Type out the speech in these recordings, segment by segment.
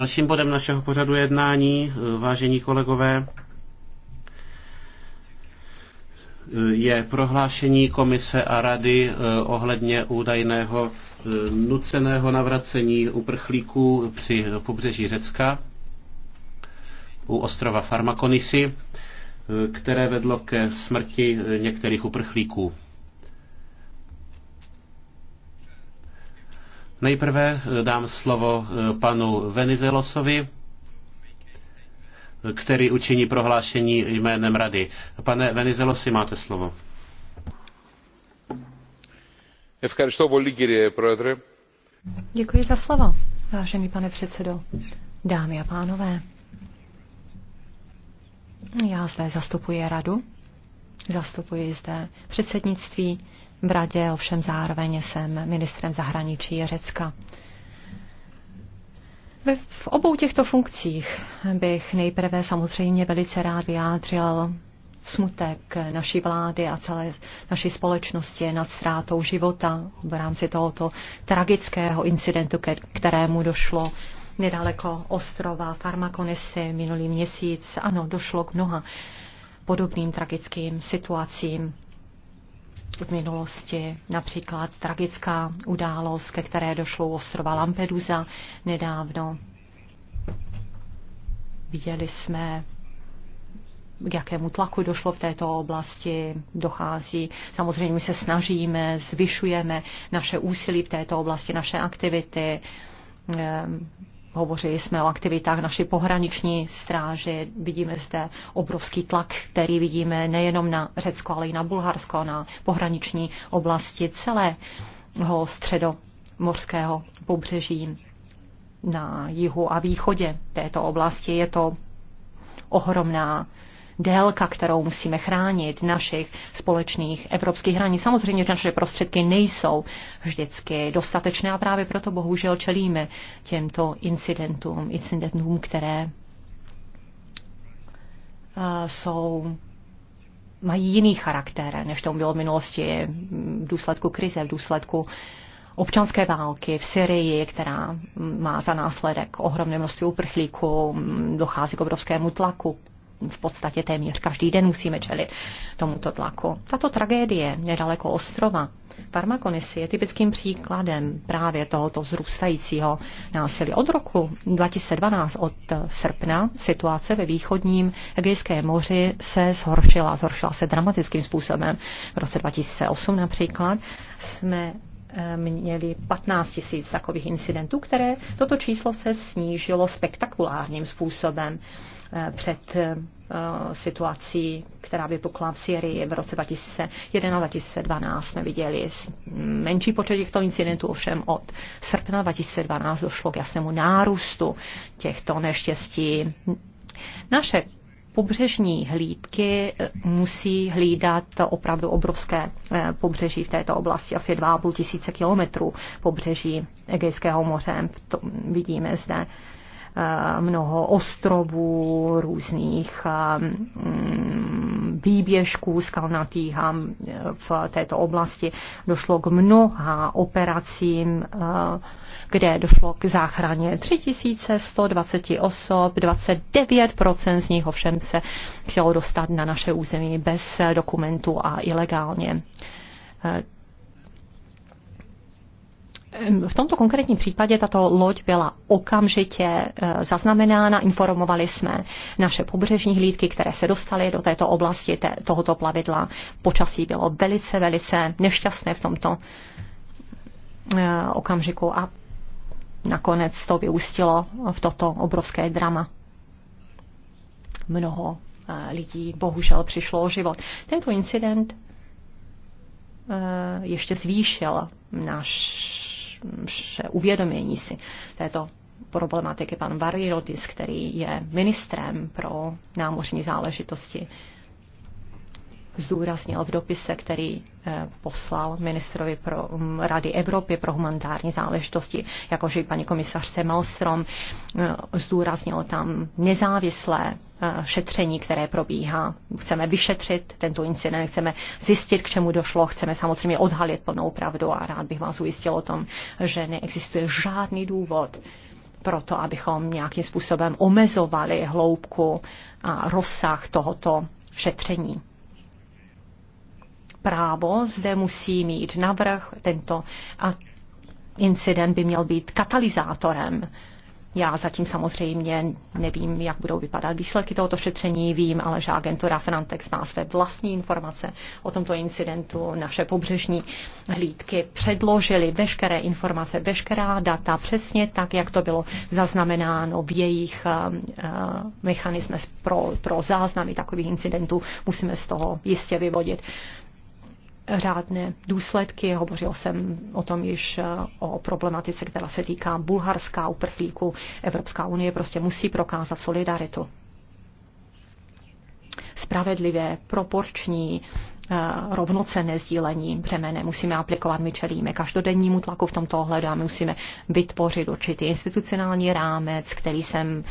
Dalším bodem našeho pořadu jednání, eh, vážení kolegové, eh, je prohlášení komise a rady eh, ohledně údajného nuceného navracení uprchlíků při pobřeží Řecka u ostrova Farmakonisy, které vedlo ke smrti některých uprchlíků. Nejprve eh, dám slovo eh, panu Venizelosovi, který učiní prohlášení jménem Rady. Pane Venizelosi, máte slovo. Děkuji za slovo, vážený pane předsedo. Dámy a pánové, já zde zastupuji radu, zastupuji zde předsednictví v radě, ovšem zároveň jsem ministrem zahraničí Řecka. V obou těchto funkcích bych nejprve samozřejmě velice rád vyjádřil smutek naší vlády a celé naší společnosti nad ztrátou života v rámci tohoto tragického incidentu, ke kterému došlo nedaleko ostrova Farmakonisy minulý měsíc. Ano, došlo k mnoha podobným tragickým situacím v minulosti, například tragická událost, ke které došlo u ostrova Lampedusa nedávno. Viděli jsme k jakému tlaku došlo v této oblasti, dochází. Samozřejmě my se snažíme, zvyšujeme naše úsilí v této oblasti, naše aktivity. Ehm, Hovořili jsme o aktivitách naší pohraniční stráže. Vidíme zde obrovský tlak, který vidíme nejenom na Řecko, ale i na Bulharsko, na pohraniční oblasti celého středomorského pobřeží na jihu a východě této oblasti. Je to ohromná délka, kterou musíme chránit našich společných evropských hranic. Samozřejmě, že naše prostředky nejsou vždycky dostatečné a právě proto bohužel čelíme těmto incidentům, incidentům, které eh, jsou mají jiný charakter, než tomu bylo v minulosti v důsledku krize, v důsledku občanské války v Syrii, která má za následek ohromné množství uprchlíků, dochází k obrovskému tlaku v podstatě téměř každý den musíme čelit tomuto tlaku. Tato tragédie nedaleko ostrova Farmakonisy je typickým příkladem právě tohoto zrůstajícího násilí. Od roku 2012, od srpna, situace ve východním Egejském moři se zhoršila. Zhoršila se dramatickým způsobem. V roce 2008 například jsme eh, měli 15 tisíc takových incidentů, které toto číslo se snížilo spektakulárním způsobem. Eh, před eh, situací, která vypukla v Syrii v roce 2011-2012. Jsme viděli menší počet těchto incidentů, ovšem od srpna 2012 došlo k jasnému nárůstu těchto neštěstí. Naše pobřežní hlídky eh, musí hlídat opravdu obrovské pobřeží v této oblasti, asi 2,5 tisíce kilometrů pobřeží Egejského moře. To vidíme zde Eh, mnoho ostrovů, různých eh, výběžků skalnatých eh, v této oblasti došlo k mnoha operacím, kde došlo k záchraně 3120 osob, 29% z nich ovšem se chtělo dostat na naše území bez dokumentů a ilegálně v tomto konkrétním případě tato loď byla okamžitě e, zaznamenána, informovali jsme naše pobřežní hlídky, které se dostaly do této oblasti té, tohoto plavidla. Počasí bylo velice, velice nešťastné v tomto e, okamžiku a nakonec to vyústilo v toto obrovské drama. Mnoho e, lidí bohužel přišlo o život. Tento incident ještě zvýšil náš uvědomění si této problematiky pan Varirotis, který je ministrem pro námořní záležitosti zdůraznil v dopise, který eh, poslal ministrovi pro mm, Rady Evropy pro humanitární záležitosti, jakože i paní komisařce Malstrom eh, zdůraznil tam nezávislé eh, šetření, které probíhá. Chceme vyšetřit tento incident, chceme zjistit, k čemu došlo, chceme samozřejmě odhalit plnou pravdu a rád bych vás ujistil o tom, že neexistuje žádný důvod pro to, abychom nějakým způsobem omezovali hloubku a rozsah tohoto šetření právo zde musí mít navrh tento a incident by měl být katalyzátorem. Já zatím samozřejmě nevím, jak budou vypadat výsledky tohoto šetření, vím, ale že agentura Frontex má své vlastní informace o tomto incidentu. Naše pobřežní hlídky předložily veškeré informace, veškerá data, přesně tak, jak to bylo zaznamenáno v jejich uh, mechanismech pro, pro záznamy takových incidentů. Musíme z toho jistě vyvodit řádné důsledky. Hovořil jsem o tom již eh, o problematice, která se týká bulharská uprchlíku. Evropská unie prostě musí prokázat solidaritu. Spravedlivé, proporční, eh, rovnocenné sdílení břemene musíme aplikovat. My čelíme každodennímu tlaku v tomto ohledu a my musíme vytvořit určitý institucionální rámec, který jsem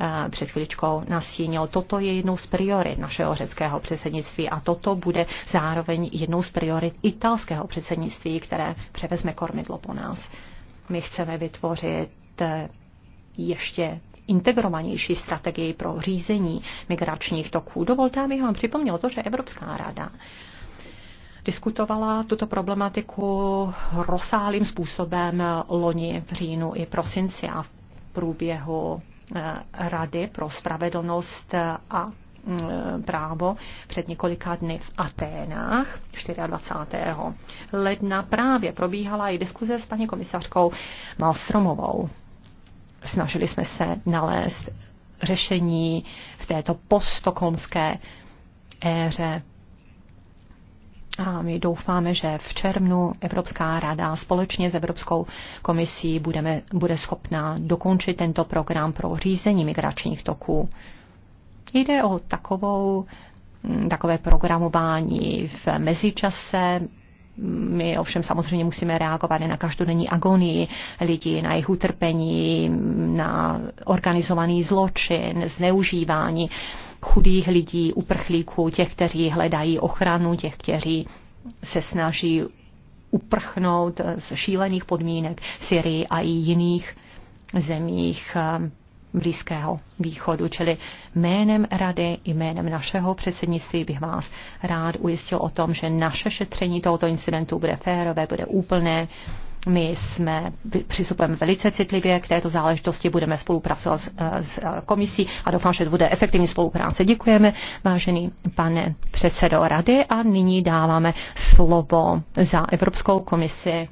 Eh, před chvíličkou nastínil. Toto je jednou z priorit našeho řeckého předsednictví a toto bude zároveň jednou z priorit italského předsednictví, které převezme kormidlo po nás. My chceme vytvořit eh, ještě integrovanější strategii pro řízení migračních toků. Dovolte, abych vám připomněl to, že Evropská rada diskutovala tuto problematiku rozsáhlým způsobem loni v říjnu i prosinci a v průběhu Eh, Rady pro spravedlnost a eh, právo před několika dny v Aténách 24. ledna právě probíhala i diskuze s paní komisařkou Malstromovou. Snažili jsme se nalézt řešení v této postokonské éře a my doufáme, že v červnu Evropská rada společně s Evropskou komisí budeme, bude schopná dokončit tento program pro řízení migračních toků. Jde o takovou, mm, takové programování v mezičase, my ovšem samozřejmě musíme reagovat na každodenní agonii lidí, na jejich utrpení, na organizovaný zločin, zneužívání chudých lidí, uprchlíků, těch, kteří hledají ochranu, těch, kteří se snaží uprchnout z šílených podmínek Syrii a i jiných zemích eh, Blízkého východu. Čili jménem Rady i jménem našeho předsednictví bych vás rád ujistil o tom, že naše šetření tohoto incidentu bude férové, bude úplné my jsme přistupujeme velice citlivě k této záležitosti, budeme spolupracovat s, eh, s eh, komisí a doufám, že to bude efektivní spolupráce. Děkujeme, vážený pane předsedo rady a nyní dáváme slovo za Evropskou komisi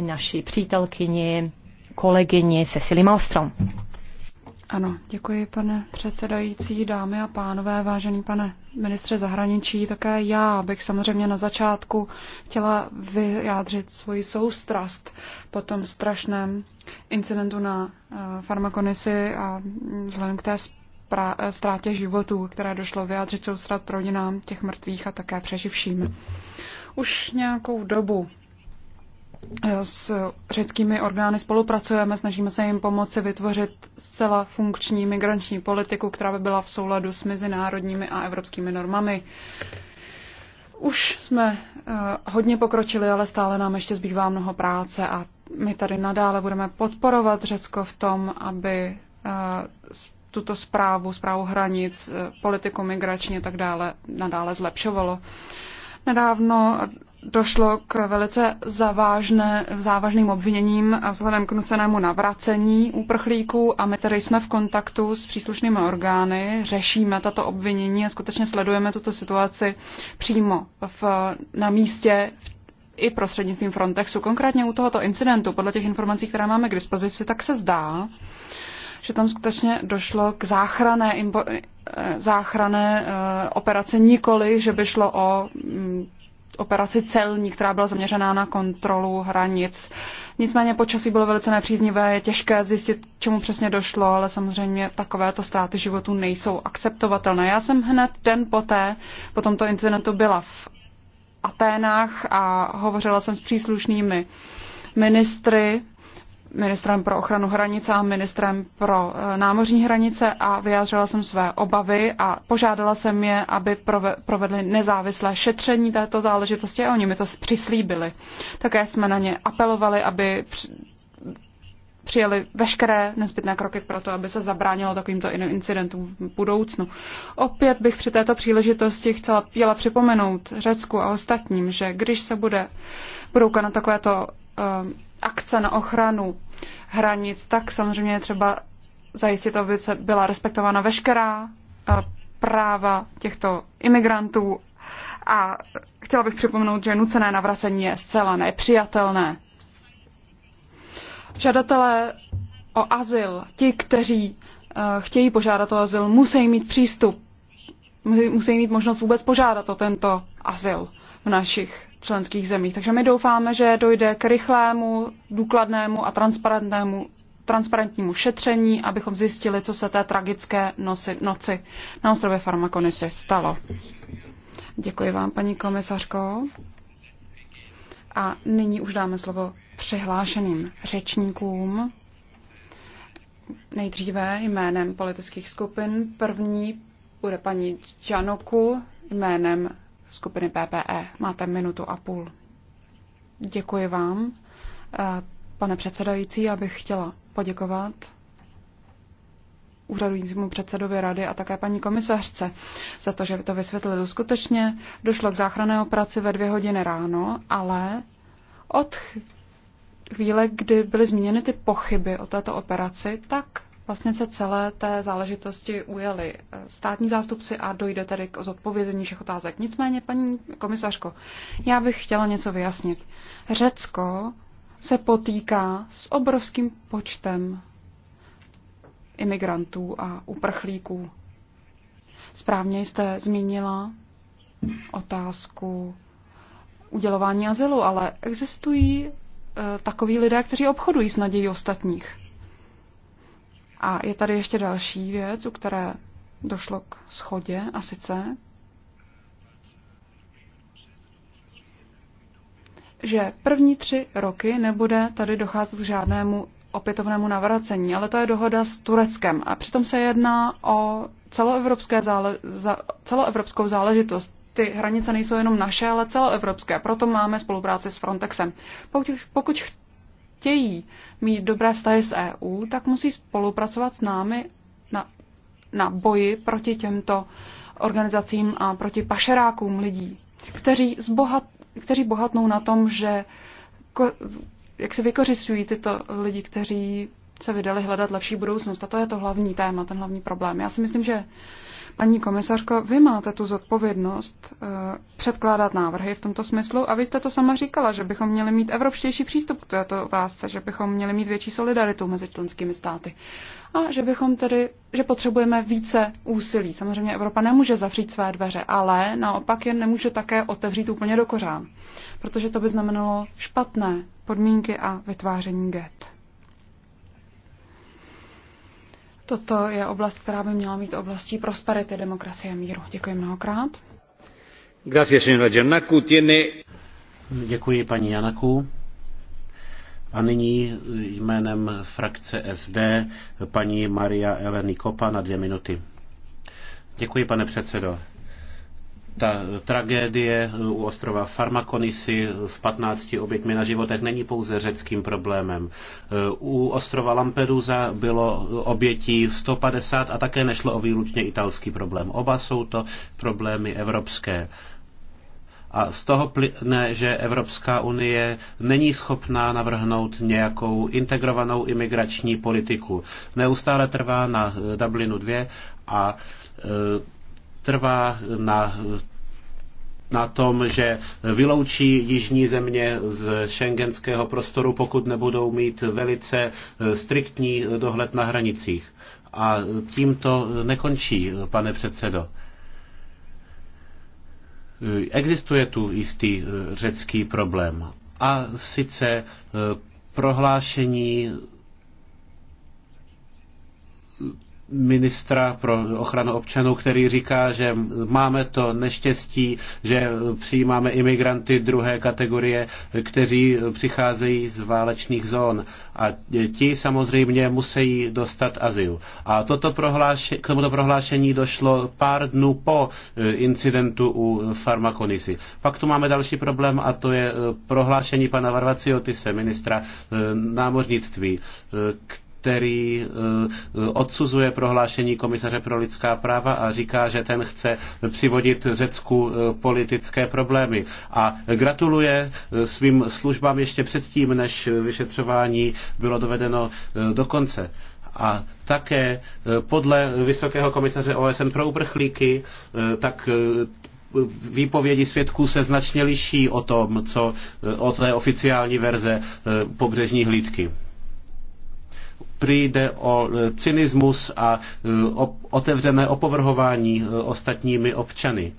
naší přítelkyni, kolegyni Cecily Malstrom. Ano, děkuji, pane předsedající, dámy a pánové, vážený pane ministře zahraničí. Také já bych samozřejmě na začátku chtěla vyjádřit svoji soustrast po tom strašném incidentu na eh, farmakonisi a vzhledem k té eh, ztrátě životů, které došlo vyjádřit soustrast rodinám těch mrtvých a také přeživším. Už nějakou dobu s řeckými orgány spolupracujeme, snažíme se jim pomoci vytvořit zcela funkční migrační politiku, která by byla v souladu s mezinárodními a evropskými normami. Už jsme eh, hodně pokročili, ale stále nám ještě zbývá mnoho práce a my tady nadále budeme podporovat Řecko v tom, aby eh, tuto zprávu, zprávu hranic, eh, politiku migrační a tak dále nadále zlepšovalo. Nedávno došlo k velice závažné, závažným obviněním a vzhledem k nucenému navracení úprchlíků a my tedy jsme v kontaktu s příslušnými orgány, řešíme tato obvinění a skutečně sledujeme tuto situaci přímo v, na místě i prostřednictvím Frontexu. Konkrétně u tohoto incidentu, podle těch informací, které máme k dispozici, tak se zdá, že tam skutečně došlo k záchrané, eh, záchrané eh, operaci nikoli, že by šlo o mm, operaci celní, která byla zaměřená na kontrolu hranic. Nicméně počasí bylo velice nepříznivé, je těžké zjistit, čemu přesně došlo, ale samozřejmě takovéto ztráty životů nejsou akceptovatelné. Já jsem hned den poté, po tomto incidentu byla v Aténách a hovořila jsem s příslušnými ministry ministrem pro ochranu hranice a ministrem pro eh, námořní hranice a vyjádřila jsem své obavy a požádala jsem je, aby provedli nezávislé šetření této záležitosti a oni mi to přislíbili. Také jsme na ně apelovali, aby přijeli veškeré nezbytné kroky pro to, aby se zabránilo takovýmto incidentům v budoucnu. Opět bych při této příležitosti chtěla, jela připomenout Řecku a ostatním, že když se bude, budou konat takovéto uh, akce na ochranu hranic, tak samozřejmě je třeba zajistit, aby se byla respektována veškerá eh, práva těchto imigrantů. A chtěla bych připomenout, že nucené navracení je zcela nepřijatelné. Žadatelé o azyl, ti, kteří eh, chtějí požádat o azyl, musí mít přístup, musí mít možnost vůbec požádat o tento azyl v našich členských zemích. Takže my doufáme, že dojde k rychlému, důkladnému a transparentnému transparentnímu šetření, abychom zjistili, co se té tragické nosi, noci na ostrově Farmakonisy stalo. Děkuji vám, paní komisařko. A nyní už dáme slovo přihlášeným řečníkům. Nejdříve jménem politických skupin. První bude paní Janoku jménem skupiny PPE. Máte minutu a půl. Děkuji vám. Eh, pane předsedající, já bych chtěla poděkovat úřadujícímu předsedovi rady a také paní komisařce za to, že to vysvětlili. No, skutečně došlo k záchranné operaci ve dvě hodiny ráno, ale od chvíle, kdy byly zmíněny ty pochyby o této operaci, tak vlastně se celé té záležitosti ujeli eh, státní zástupci a dojde tedy k zodpovězení všech otázek. Nicméně, paní komisařko, já bych chtěla něco vyjasnit. Řecko se potýká s obrovským počtem imigrantů a uprchlíků. Správně jste zmínila otázku udělování azylu, ale existují e, takoví lidé, kteří obchodují s nadějí ostatních. A je tady ještě další věc, u které došlo k schodě, a sice, že první tři roky nebude tady docházet k žádnému opětovnému navracení, ale to je dohoda s Tureckem. A přitom se jedná o celoevropské zále, za, celoevropskou záležitost. Ty hranice nejsou jenom naše, ale celoevropské. Proto máme spolupráci s Frontexem. Pokud, pokud chtějí mít dobré vztahy s EU, tak musí spolupracovat s námi na, na boji proti těmto organizacím a proti pašerákům lidí, kteří, zbohat, kteří bohatnou na tom, že jak se vykořistují tyto lidi, kteří se vydali hledat lepší budoucnost. A to je to hlavní téma, ten hlavní problém. Já si myslím, že Paní komisařko, vy máte tu zodpovědnost uh, předkládat návrhy v tomto smyslu a vy jste to sama říkala, že bychom měli mít evropštější přístup k této otázce, že bychom měli mít větší solidaritu mezi členskými státy a že bychom tedy, že potřebujeme více úsilí. Samozřejmě Evropa nemůže zavřít své dveře, ale naopak je nemůže také otevřít úplně do kořán, protože to by znamenalo špatné podmínky a vytváření get. Toto je oblast, která by měla mít oblastí prosperity, demokracie a míru. Děkuji mnohokrát. Děkuji paní Janaku. A nyní jménem frakce SD paní Maria Eleni Kopa na dvě minuty. Děkuji, pane předsedo. Ta tragédie u ostrova Farmakonisy s 15 oběťmi na životech není pouze řeckým problémem. U ostrova Lampedusa bylo obětí 150 a také nešlo o výlučně italský problém. Oba jsou to problémy evropské. A z toho plyne, že Evropská unie není schopná navrhnout nějakou integrovanou imigrační politiku. Neustále trvá na Dublinu 2 a e, trvá na na tom, že vyloučí jižní země z šengenského prostoru, pokud nebudou mít velice eh, striktní eh, dohled na hranicích. A tím to nekončí, eh, pane předsedo. Existuje tu jistý řecký problém. A sice prohlášení ministra pro ochranu občanů, který říká, že máme to neštěstí, že přijímáme imigranty druhé kategorie, kteří přicházejí z válečných zón. A ti samozřejmě musí dostat azyl. A toto prohlášení, k tomuto prohlášení došlo pár dnů po eh, incidentu u farmakonisy. Pak tu máme další problém a to je eh, prohlášení pana Varvaciotise, ministra eh, námořnictví, který eh, odsuzuje prohlášení komisaře pro lidská práva a říká, že ten chce přivodit Řecku eh, politické problémy. A gratuluje eh, svým službám ještě předtím, než vyšetřování bylo dovedeno do konce. A také podle Vysokého komisaře OSN pro uprchlíky, tak výpovědi svědků se značně liší o tom, co o té oficiální verze pobřežní hlídky. Prý jde o e, cynismus a e, otevřené opovrhování e, ostatními občany.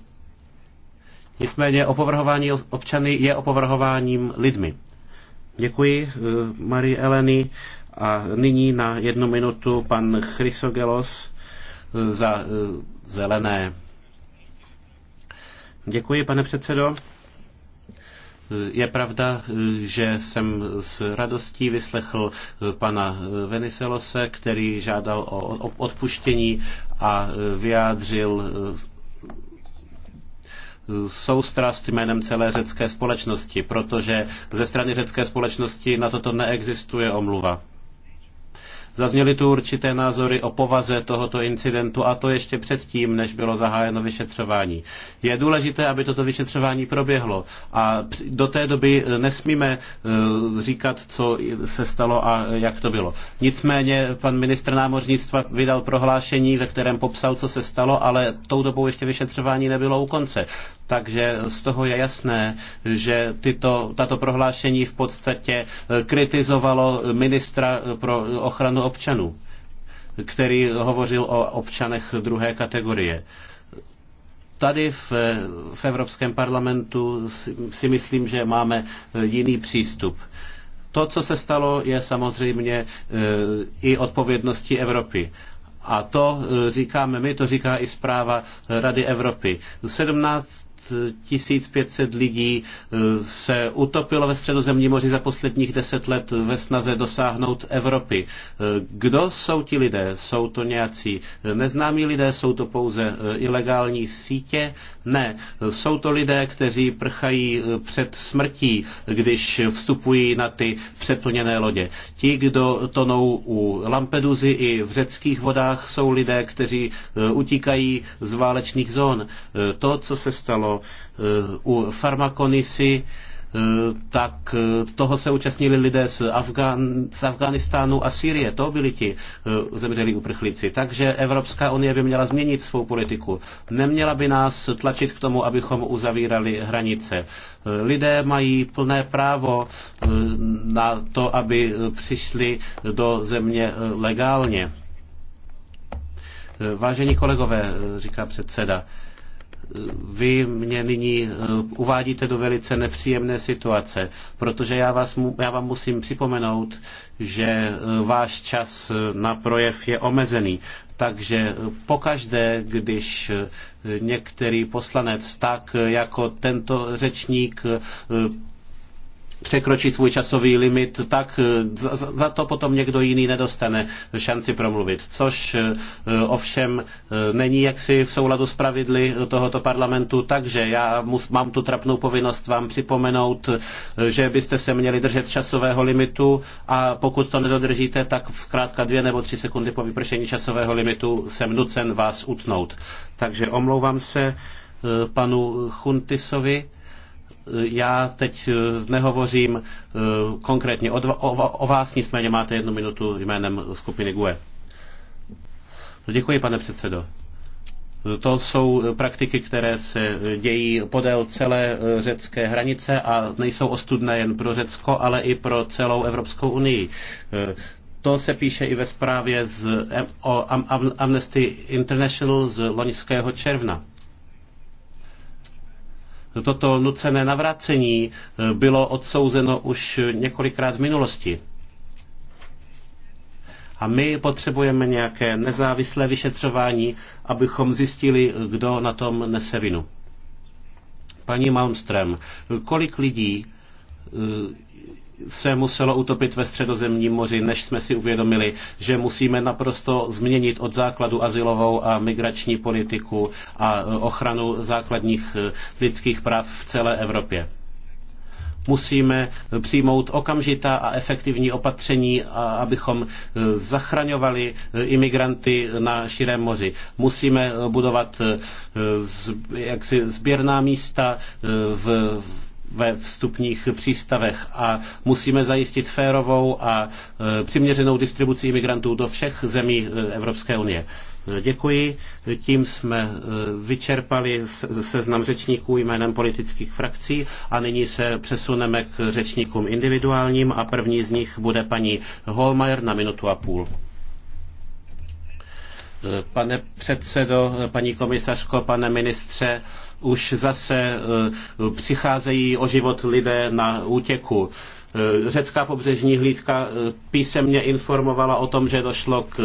Nicméně opovrhování občany je opovrhováním lidmi. Děkuji Marie Eleny a nyní na jednu minutu pan Chrysogelos za zelené. Děkuji, pane předsedo. Je pravda, že jsem s radostí vyslechl pana Veniselose, který žádal o odpuštění a vyjádřil soustrast jménem celé řecké společnosti, protože ze strany řecké společnosti na toto neexistuje omluva. Zazněly tu určité názory o povaze tohoto incidentu a to ještě předtím, než bylo zahájeno vyšetřování. Je důležité, aby toto vyšetřování proběhlo a do té doby eh, nesmíme eh, říkat, co se stalo a jak to bylo. Nicméně pan ministr námořnictva vydal prohlášení, ve kterém popsal, co se stalo, ale tou dobou ještě vyšetřování nebylo u konce. Takže z toho je jasné, že tyto, tato prohlášení v podstatě eh, kritizovalo ministra eh, pro ochranu občanů, který hovořil o občanech druhé kategorie tady v, eh, v Evropském parlamentu si, si myslím, že máme jiný přístup. To, co se stalo, je samozřejmě i odpovědností Evropy. A to říkáme my, to říká i zpráva Rady Evropy. 17 1500 lidí eh, se utopilo ve středozemní moři za posledních deset let ve snaze dosáhnout Evropy. Eh, kdo jsou ti lidé? Jsou to nějací neznámí lidé? Jsou to pouze eh, ilegální sítě? Ne, jsou to lidé, kteří prchají eh, před smrtí, když vstupují na ty přeplněné lodě. Ti, kdo tonou u Lampeduzy i v řeckých vodách, jsou lidé, kteří eh, utíkají z válečných zón. Eh, to, co se stalo u Farmakonisy, Eh, tak eh, toho se účastnili lidé z, Afgan, z Afganistánu a Sýrie. To byli ti eh, zemřelí uprchlíci. Takže Evropská unie by měla změnit svou politiku. Neměla by nás tlačit k tomu, abychom uzavírali hranice. Lidé mají plné právo na to, aby přišli do země legálně. Vážení kolegové, říká předseda, vy mě nyní eh, uvádíte do velice nepříjemné situace, protože já, vás, já vám musím připomenout, že eh, váš čas eh, na projev je omezený. Takže pokaždé, když některý poslanec tak jako tento řečník překročí svůj časový limit, tak eh, za to potom někdo jiný nedostane šanci promluvit. Což eh, eh, ovšem není jaksi v souladu s pravidly tohoto parlamentu, takže já mám tu trapnou povinnost vám připomenout, že byste se měli držet časového limitu a pokud to nedodržíte, tak zkrátka dvě nebo tři sekundy po vypršení časového limitu jsem nucen vás utnout. Takže omlouvám se panu Chuntisovi já teď eh, nehovořím eh, konkrétně o, o, o vás, nicméně máte jednu minutu jménem skupiny GUE. Děkuji, pane předsedo. To jsou praktiky, které se dějí podél celé eh, řecké hranice a nejsou ostudné jen pro Řecko, ale i pro celou Evropskou unii. To se píše i ve zprávě z, o Amnesty International z loňského června. Toto nucené navracení eh, bylo odsouzeno už několikrát v minulosti. A my potřebujeme nějaké nezávislé vyšetřování, abychom zjistili, kdo na tom nese vinu. Paní Malmström, kolik lidí eh, se muselo utopit ve středozemním moři, než jsme si uvědomili, že musíme naprosto změnit od základu asilovou a migrační politiku a e, ochranu základních e, lidských práv v celé Evropě musíme e, přijmout okamžitá a efektivní opatření, abychom zachraňovali imigranty na širém moři. Musíme budovat jaksi sběrná místa v ve vstupních přístavech a musíme zajistit férovou a e, přiměřenou distribuci imigrantů do všech zemí e, Evropské unie. Děkuji. Tím jsme e, vyčerpali seznam řečníků jménem politických frakcí a nyní se přesuneme k řečníkům individuálním a první z nich bude paní Holmajer na minutu a půl. Pane předsedo, paní komisařko, pane ministře, už zase eh, přicházejí o život lidé na útěku. Eh, řecká pobřežní hlídka eh, písemně informovala o tom, že došlo k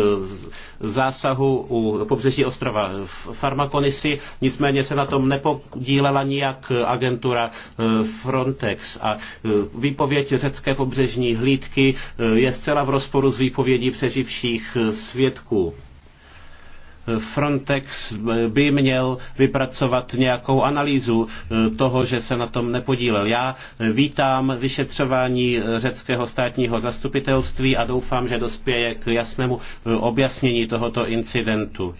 zásahu u pobřeží ostrova v Farmakonisi, nicméně se na tom nepodílela nijak agentura Frontex. A výpověď řecké pobřežní hlídky je zcela v rozporu s výpovědí přeživších svědků. Frontex by měl vypracovat nějakou analýzu eh, toho, že se na tom nepodílel. Já vítám vyšetřování řeckého státního zastupitelství a doufám, že dospěje k jasnému eh, objasnění tohoto incidentu.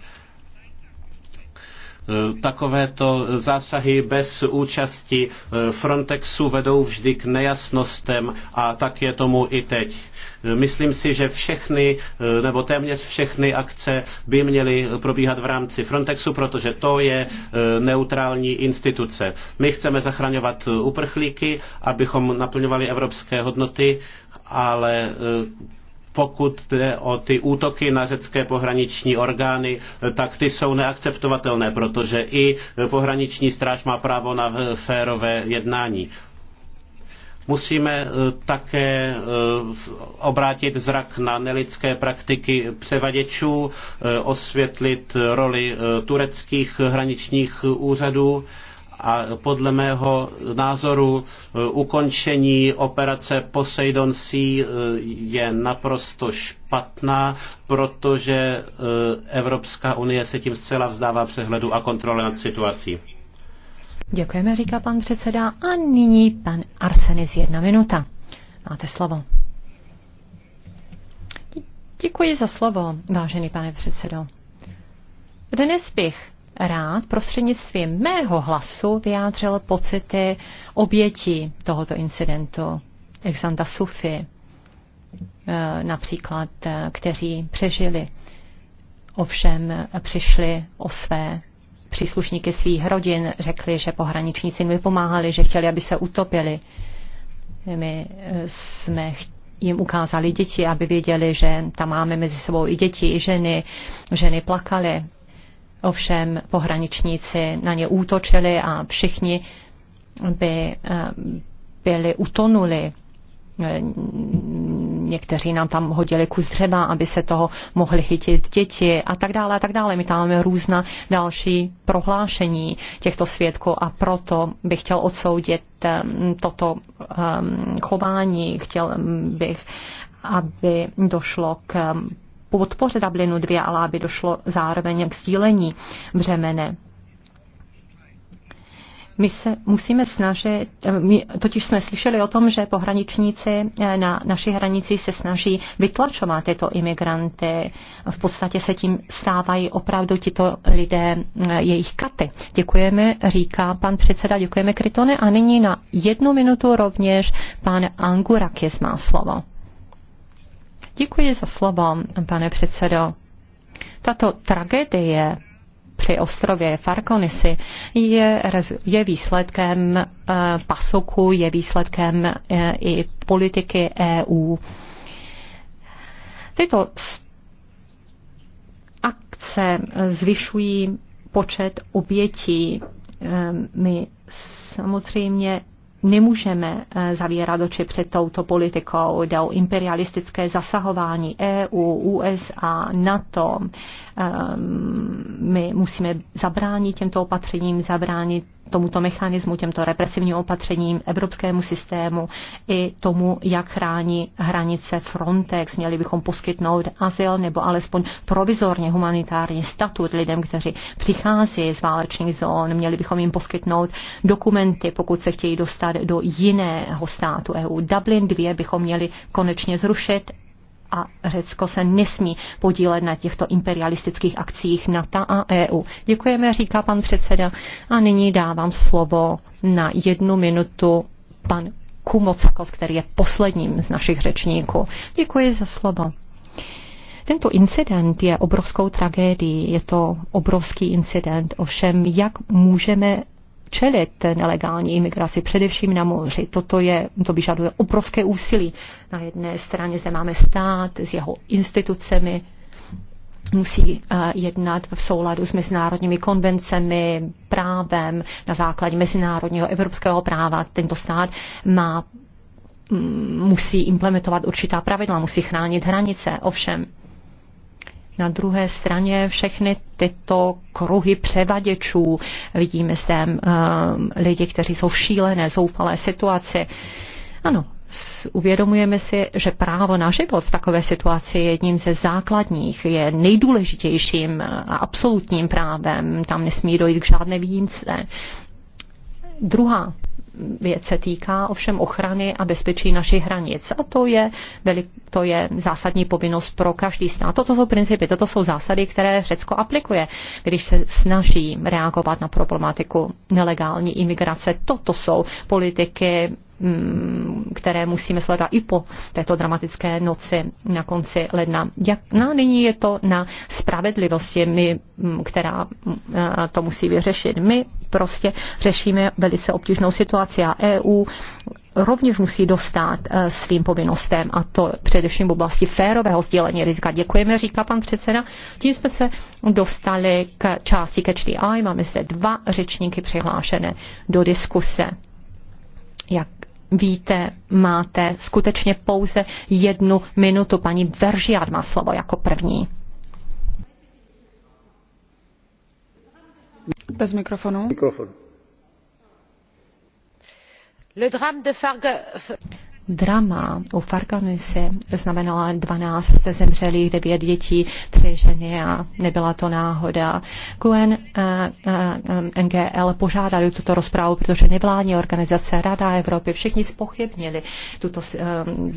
Takovéto zásahy bez účasti eh, Frontexu vedou vždy k nejasnostem a tak je tomu i teď. Myslím si, že všechny, eh, nebo téměř všechny akce by měly probíhat v rámci Frontexu, protože to je eh, neutrální instituce. My chceme zachraňovat uprchlíky, abychom naplňovali evropské hodnoty, ale pokud jde o ty útoky na řecké pohraniční orgány, tak ty jsou neakceptovatelné, protože i pohraniční stráž má právo na férové jednání. Musíme eh, také eh, obrátit zrak na nelidské praktiky převaděčů, eh, osvětlit roli tureckých hraničních úřadů a podle mého názoru eh, ukončení operace Poseidon Sea eh, je naprosto špatná, protože eh, Evropská unie se tím zcela vzdává přehledu a kontroly nad situací. Děkujeme, říká pan předseda. A nyní pan Arsenis, jedna minuta. Máte slovo. Děkuji za slovo, vážený pane předsedo. Dnes bych rád prostřednictvím mého hlasu vyjádřil pocity obětí tohoto incidentu. Exanda Sufi eh, například, eh, kteří přežili, ovšem přišli o své příslušníky svých rodin, řekli, že pohraničníci pomáhali, že chtěli, aby se utopili. My eh, jsme jim ukázali děti, aby věděli, že tam máme mezi sebou i děti, i ženy. Ženy plakaly, Ovšem pohraničníci na ně útočili a všichni by eh, byli utonuli. Eh, někteří nám tam hodili kus dřeva, aby se toho mohli chytit děti a tak dále a tak dále. My tam máme různá další prohlášení těchto svědků a proto bych chtěl odsoudit eh, toto chování. Chtěl bych aby došlo k podpoře Dublinu 2, ale aby došlo zároveň k sdílení břemene. My se musíme snažit, my totiž jsme slyšeli o tom, že pohraničníci eh, na naší hranici se snaží vytlačovat tyto imigranty. V podstatě se tím stávají opravdu tito lidé eh, jejich katy. Děkujeme, říká pan předseda, děkujeme Krytone. A nyní na jednu minutu rovněž pan Angurakis má slovo. Děkuji za slovo, pane předsedo. Tato tragédie při ostrově Farkonisy je, je výsledkem eh, pasoku, je výsledkem eh, i politiky EU. Tyto akce zvyšují počet obětí. Eh, my samozřejmě nemůžeme eh, zavírat oči před touto politikou. Jde o imperialistické zasahování EU, USA, NATO. Ehm, my musíme zabránit těmto opatřením, zabránit tomuto mechanismu, těmto represivním opatřením, evropskému systému i tomu, jak chrání hranice Frontex. Měli bychom poskytnout azyl nebo alespoň provizorně humanitární statut lidem, kteří přichází z válečných zón. Měli bychom jim poskytnout dokumenty, pokud se chtějí dostat do jiného státu EU. Dublin 2 bychom měli konečně zrušit a Řecko se nesmí podílet na těchto imperialistických akcích NATO a EU. Děkujeme, říká pan předseda. A nyní dávám slovo na jednu minutu pan Kumocakos, který je posledním z našich řečníků. Děkuji za slovo. Tento incident je obrovskou tragédií, je to obrovský incident, ovšem jak můžeme čelit nelegální imigraci, především na moři. Toto je, to vyžaduje obrovské úsilí. Na jedné straně zde máme stát s jeho institucemi, musí eh, jednat v souladu s mezinárodními konvencemi, právem na základě mezinárodního evropského práva. Tento stát má mm, musí implementovat určitá pravidla, musí chránit hranice. Ovšem, na druhé straně všechny tyto kruhy převaděčů. Vidíme zde um, lidi, kteří jsou v šílené, zoufalé situaci. Ano, uvědomujeme si, že právo na život v takové situaci je jedním ze základních, je nejdůležitějším a absolutním právem. Tam nesmí dojít k žádné výjimce. Druhá věc se týká ovšem ochrany a bezpečí našich hranic. A to je, velik, to je zásadní povinnost pro každý stát. Toto jsou principy, toto jsou zásady, které Řecko aplikuje, když se snaží reagovat na problematiku nelegální imigrace. Toto jsou politiky Mm, které musíme sledovat i po této dramatické noci na konci ledna. Jak, no, nyní je to na spravedlivosti, my, mm, která mm, eh, to musí vyřešit. My prostě řešíme velice obtížnou situaci a EU rovněž musí dostat eh, svým povinnostem a to především v oblasti férového sdělení rizika. Děkujeme, říká pan předseda. Tím jsme se dostali k části Catch the Eye. Máme zde dva řečníky přihlášené do diskuse. Jak víte, máte skutečně pouze jednu minutu. Paní Veržiad má slovo jako první. Bez mikrofonu. Mikrofon. Le drame de drama u Farganisi znamenala 12 zemřelých, 9 dětí, 3 ženy a nebyla to náhoda. Kuen eh, eh, NGL požádali tuto rozprávu, protože nevládní organizace Rada Evropy, všichni spochybnili tuto, eh,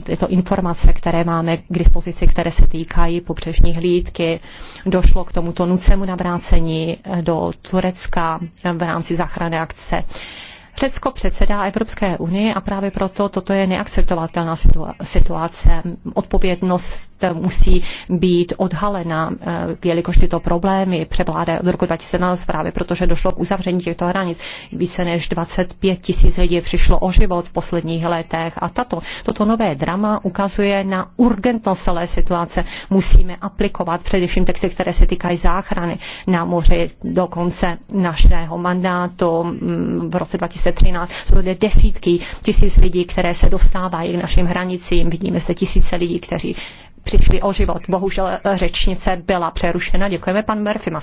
tyto informace, které máme k dispozici, které se týkají pobřežní hlídky. Došlo k tomuto nucemu navrácení do Turecka v rámci záchranné akce. Řecko předsedá Evropské unii a právě proto toto je neakceptovatelná situace. Odpovědnost musí být odhalena, eh, jelikož tyto problémy převládají od roku 2017 právě protože došlo k uzavření těchto hranic. Více než 25 tisíc lidí přišlo o život v posledních letech a tato, toto nové drama ukazuje na urgentnost celé situace. Musíme aplikovat především texty, které se týkají záchrany na moři do konce našeho mandátu mm, v roce 2017 2013. Jsou zde desítky tisíc lidí, které se dostávají k našim hranicím. Vidíme zde tisíce lidí, kteří přišli o život. Bohužel eh, řečnice byla přerušena. Děkujeme, pan Murphy, má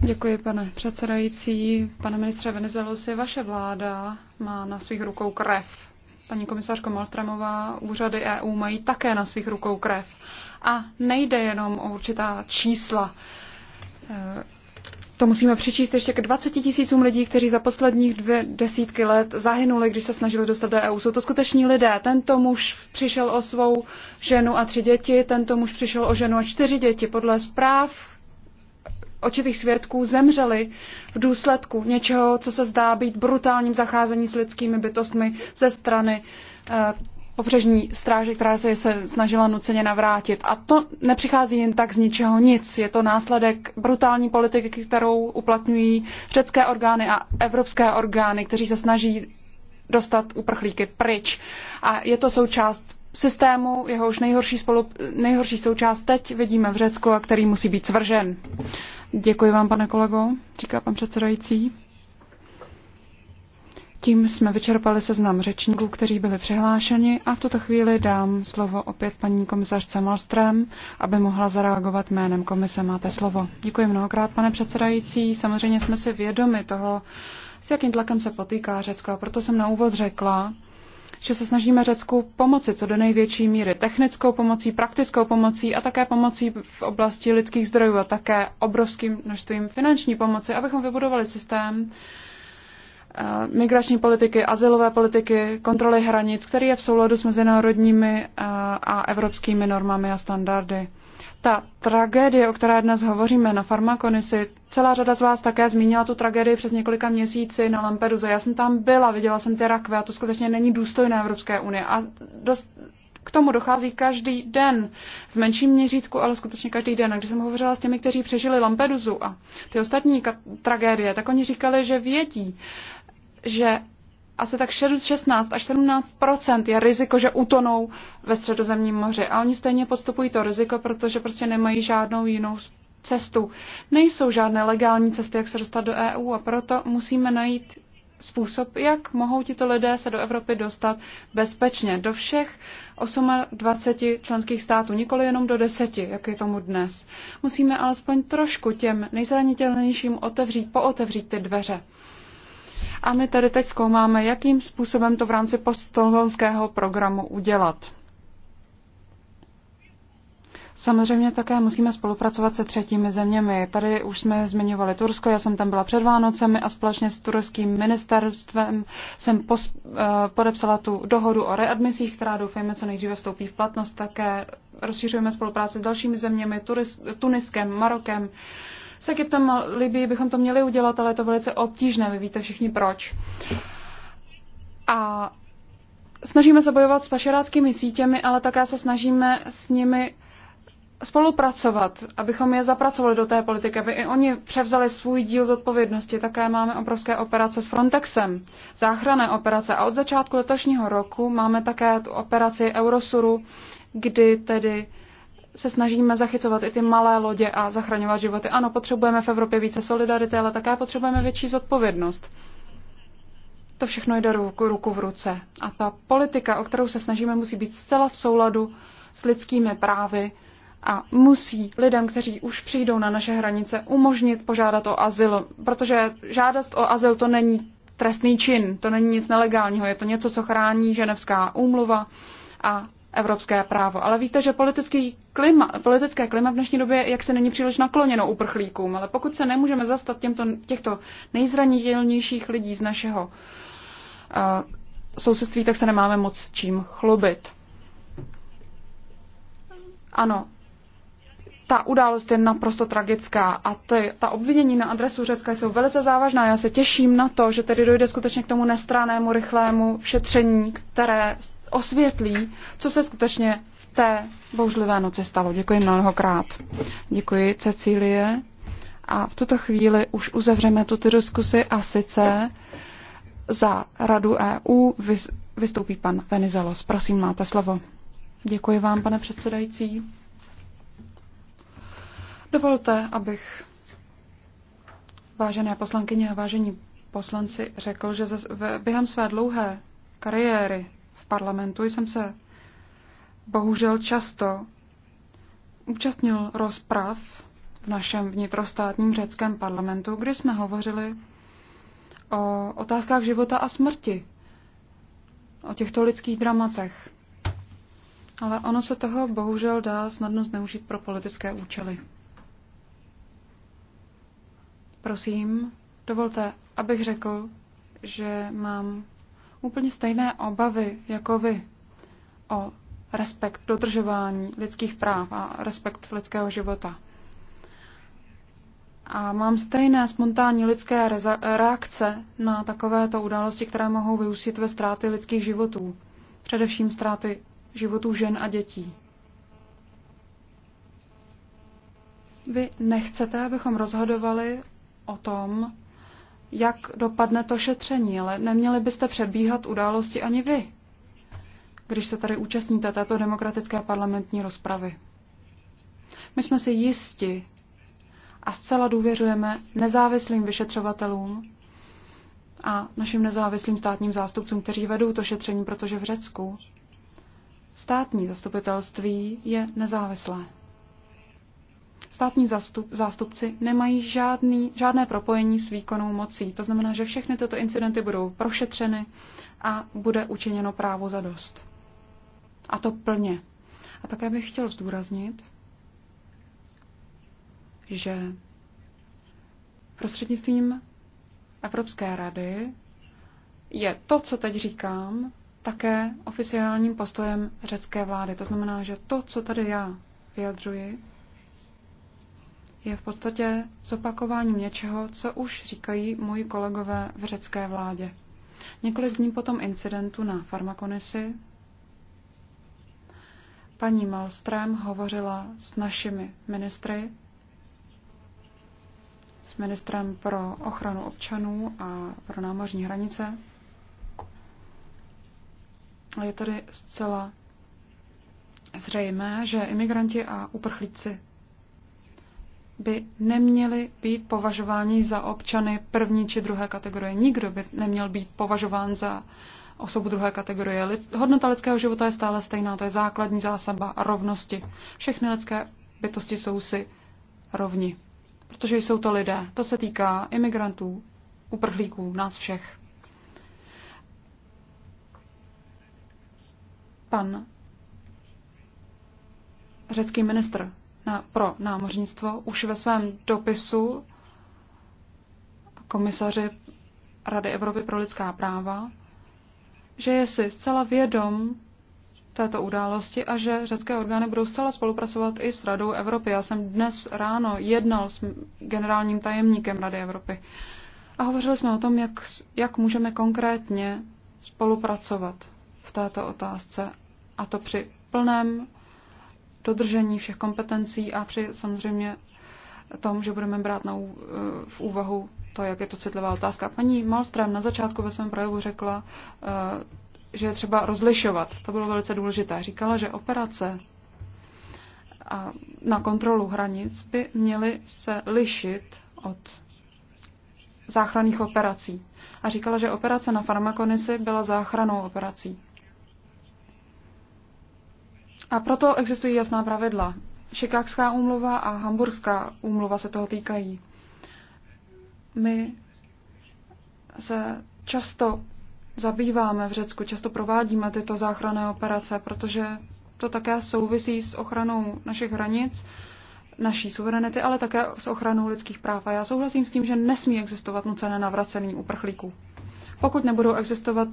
Děkuji, pane předsedající. Pane ministře Venizelosi, vaše vláda má na svých rukou krev. Paní komisařko Malstramová, úřady EU mají také na svých rukou krev. A nejde jenom o určitá čísla eh, to musíme přičíst ještě k 20 tisícům lidí, kteří za posledních dvě desítky let zahynuli, když se snažili dostat do EU. Jsou to skuteční lidé. Tento muž přišel o svou ženu a tři děti, tento muž přišel o ženu a čtyři děti. Podle zpráv očitých svědků zemřeli v důsledku něčeho, co se zdá být brutálním zacházení s lidskými bytostmi ze strany eh, pobřežní stráže, která se, se snažila nuceně navrátit. A to nepřichází jen tak z ničeho nic. Je to následek brutální politiky, kterou uplatňují řecké orgány a evropské orgány, kteří se snaží dostat uprchlíky pryč. A je to součást systému, jehož nejhorší, spolu, nejhorší součást teď vidíme v Řecku a který musí být svržen. Děkuji vám, pane kolego, říká pan předsedající tím jsme vyčerpali seznam řečníků, kteří byli přihlášeni a v tuto chvíli dám slovo opět paní komisařce Malström, aby mohla zareagovat jménem komise. Máte slovo. Děkuji mnohokrát, pane předsedající. Samozřejmě jsme si vědomi toho, s jakým tlakem se potýká Řecko a proto jsem na úvod řekla, že se snažíme Řecku pomoci co do největší míry technickou pomocí, praktickou pomocí a také pomocí v oblasti lidských zdrojů a také obrovským množstvím finanční pomoci, abychom vybudovali systém, Eh, migrační politiky, azylové politiky, kontroly hranic, který je v souladu s mezinárodními eh, a evropskými normami a standardy. Ta tragédie, o které dnes hovoříme na Farmakonisi, celá řada z vás také zmínila tu tragédii přes několika měsíci na Lampeduze. Já jsem tam byla, viděla jsem ty rakve a to skutečně není důstojné Evropské unie. A dost, k tomu dochází každý den, v menším měřítku, ale skutečně každý den. A když jsem hovořila s těmi, kteří přežili Lampeduzu a ty ostatní tragédie, tak oni říkali, že vědí, že asi tak 16 až 17 je riziko, že utonou ve středozemním moři. A oni stejně podstupují to riziko, protože prostě nemají žádnou jinou cestu. Nejsou žádné legální cesty, jak se dostat do EU a proto musíme najít způsob, jak mohou tito lidé se do Evropy dostat bezpečně do všech 28 členských států, nikoli jenom do deseti, jak je tomu dnes. Musíme alespoň trošku těm nejzranitelnějším otevřít, pootevřít ty dveře. A my tady teď zkoumáme, jakým způsobem to v rámci postolonského programu udělat. Samozřejmě také musíme spolupracovat se třetími zeměmi. Tady už jsme zmiňovali Tursko, já jsem tam byla před Vánocemi a společně s turským ministerstvem jsem pos, eh, podepsala tu dohodu o readmisích, která doufejme co nejdříve vstoupí v platnost. Také rozšiřujeme spolupráci s dalšími zeměmi, Turis, Tuniskem, Marokem. S Egyptem a Libii bychom to měli udělat, ale je to velice obtížné, vy víte všichni proč. A snažíme se bojovat s pašeráckými sítěmi, ale také se snažíme s nimi spolupracovat, abychom je zapracovali do té politiky, aby i oni převzali svůj díl zodpovědnosti. Také máme obrovské operace s Frontexem, záchranné operace a od začátku letošního roku máme také tu operaci Eurosuru, kdy tedy se snažíme zachycovat i ty malé lodě a zachraňovat životy. Ano, potřebujeme v Evropě více solidarity, ale také potřebujeme větší zodpovědnost. To všechno jde ruku, ruku v ruce. A ta politika, o kterou se snažíme, musí být zcela v souladu s lidskými právy, a musí lidem, kteří už přijdou na naše hranice, umožnit požádat o azyl, protože žádost o azyl to není trestný čin, to není nic nelegálního, je to něco, co chrání ženevská úmluva a evropské právo. Ale víte, že politický klima, politické klima v dnešní době jak se není příliš nakloněno uprchlíkům, ale pokud se nemůžeme zastat těmto, těchto nejzranitelnějších lidí z našeho uh, sousedství, tak se nemáme moc čím chlubit. Ano, ta událost je naprosto tragická a ty, ta obvinění na adresu Řecka jsou velice závažná. Já se těším na to, že tedy dojde skutečně k tomu nestranému, rychlému šetření, které osvětlí, co se skutečně v té bohužlivé noci stalo. Děkuji mnohokrát. Děkuji, Cecílie. A v tuto chvíli už uzavřeme tuto diskusi a sice za Radu EU vystoupí pan Venizelos. Prosím, máte slovo. Děkuji vám, pane předsedající. Dovolte, abych vážené poslankyně a vážení poslanci řekl, že během své dlouhé kariéry v parlamentu jsem se bohužel často účastnil rozprav v našem vnitrostátním řeckém parlamentu, kdy jsme hovořili o otázkách života a smrti, o těchto lidských dramatech. Ale ono se toho bohužel dá snadno zneužít pro politické účely. Prosím, dovolte, abych řekl, že mám úplně stejné obavy jako vy o respekt dodržování lidských práv a respekt lidského života. A mám stejné spontánní lidské reakce na takovéto události, které mohou vyústit ve ztráty lidských životů. Především ztráty životů žen a dětí. Vy nechcete, abychom rozhodovali o tom, jak dopadne to šetření, ale neměli byste předbíhat události ani vy, když se tady účastníte této demokratické parlamentní rozpravy. My jsme si jisti a zcela důvěřujeme nezávislým vyšetřovatelům a našim nezávislým státním zástupcům, kteří vedou to šetření, protože v Řecku státní zastupitelství je nezávislé státní zastup, zástupci nemají žádný, žádné propojení s výkonnou mocí. To znamená, že všechny tyto incidenty budou prošetřeny a bude učiněno právo za dost. A to plně. A také bych chtěl zdůraznit, že prostřednictvím Evropské rady je to, co teď říkám, také oficiálním postojem řecké vlády. To znamená, že to, co tady já vyjadřuji, je v podstatě zopakováním něčeho, co už říkají moji kolegové v řecké vládě. Několik dní potom incidentu na farmakonisi paní Malström hovořila s našimi ministry, s ministrem pro ochranu občanů a pro námořní hranice. Je tady zcela zřejmé, že imigranti a uprchlíci by neměli být považováni za občany první či druhé kategorie. Nikdo by neměl být považován za osobu druhé kategorie. Lid, hodnota lidského života je stále stejná, to je základní zásada rovnosti. Všechny lidské bytosti jsou si rovni, protože jsou to lidé. To se týká imigrantů, uprchlíků, nás všech. Pan řecký ministr na, pro námořnictvo už ve svém dopisu komisaři Rady Evropy pro lidská práva, že je si zcela vědom této události a že řecké orgány budou zcela spolupracovat i s Radou Evropy. Já jsem dnes ráno jednal s generálním tajemníkem Rady Evropy a hovořili jsme o tom, jak, jak můžeme konkrétně spolupracovat v této otázce a to při plném dodržení všech kompetencí a při samozřejmě tom, že budeme brát na, v úvahu to, jak je to citlivá otázka. Paní Malström na začátku ve svém projevu řekla, eh, že je třeba rozlišovat. To bylo velice důležité. Říkala, že operace a na kontrolu hranic by měly se lišit od záchranných operací. A říkala, že operace na farmakonisy byla záchranou operací. A proto existují jasná pravidla. Šikákská úmluva a Hamburgská úmluva se toho týkají. My se často zabýváme v Řecku, často provádíme tyto záchranné operace, protože to také souvisí s ochranou našich hranic, naší suverenity, ale také s ochranou lidských práv. A já souhlasím s tím, že nesmí existovat nucené navracení uprchlíků, pokud nebudou existovat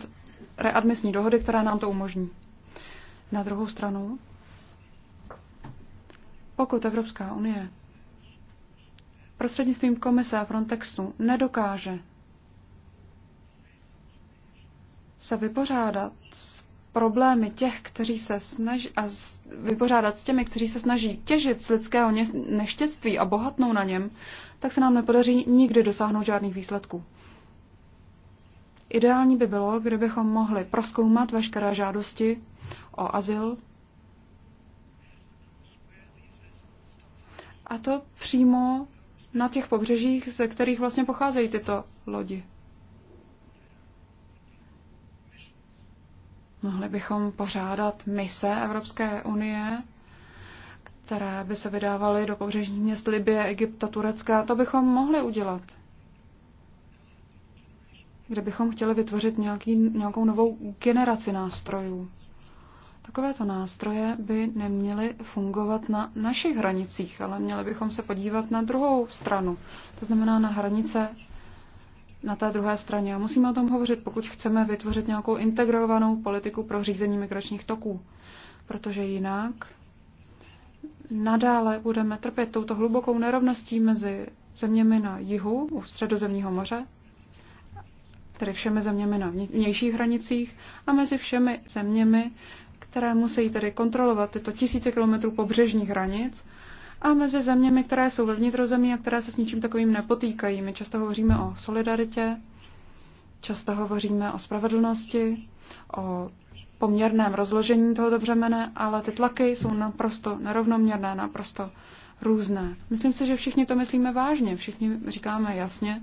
readmisní dohody, které nám to umožní. Na druhou stranu, pokud Evropská unie prostřednictvím komise a Frontexu nedokáže se vypořádat s problémy těch, kteří se snaží, a vypořádat s těmi, kteří se snaží těžit z lidského neštěství a bohatnou na něm, tak se nám nepodaří nikdy dosáhnout žádných výsledků. Ideální by bylo, kdybychom mohli proskoumat veškeré žádosti o azyl. A to přímo na těch pobřežích, ze kterých vlastně pocházejí tyto lodi. Mohli bychom pořádat mise Evropské unie, které by se vydávaly do pobřežních měst Libie, Egypta, Turecka. To bychom mohli udělat. Kdybychom chtěli vytvořit nějaký, nějakou novou generaci nástrojů. Takovéto nástroje by neměly fungovat na našich hranicích, ale měli bychom se podívat na druhou stranu, to znamená na hranice na té druhé straně. A musíme o tom hovořit, pokud chceme vytvořit nějakou integrovanou politiku pro řízení migračních toků, protože jinak nadále budeme trpět touto hlubokou nerovností mezi zeměmi na jihu, u středozemního moře, tedy všemi zeměmi na vnějších hranicích a mezi všemi zeměmi, které musí tedy kontrolovat tyto tisíce kilometrů pobřežních hranic a mezi zeměmi, které jsou ve vnitrozemí a které se s ničím takovým nepotýkají. My často hovoříme o solidaritě, často hovoříme o spravedlnosti, o poměrném rozložení tohoto břemene, ale ty tlaky jsou naprosto nerovnoměrné, naprosto různé. Myslím si, že všichni to myslíme vážně, všichni říkáme jasně,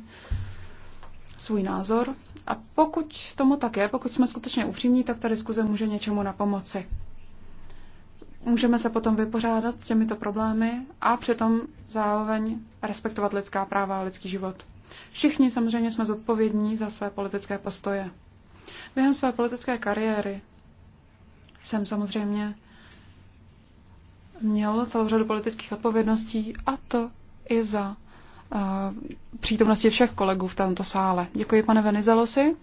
svůj názor a pokud tomu tak je, pokud jsme skutečně upřímní, tak ta diskuze může něčemu na pomoci. Můžeme se potom vypořádat s těmito problémy a přitom zároveň respektovat lidská práva a lidský život. Všichni samozřejmě jsme zodpovědní za své politické postoje. Během své politické kariéry jsem samozřejmě měl celou řadu politických odpovědností a to i za přítomnosti všech kolegů v tomto sále. Děkuji, pane Venizelosi.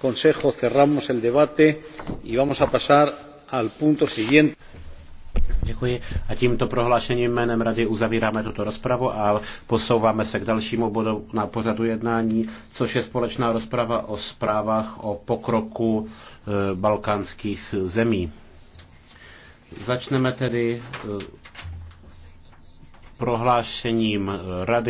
Consejo, cerramos el debate y vamos a pasar al punto siguiente. Děkuji. A tímto prohlášením jménem Rady uzavíráme tuto rozpravu a posouváme se k dalšímu bodu na pořadu jednání, což je společná rozprava o zprávách o pokroku e, balkánských zemí. Začneme tedy e, prohlášením Rady.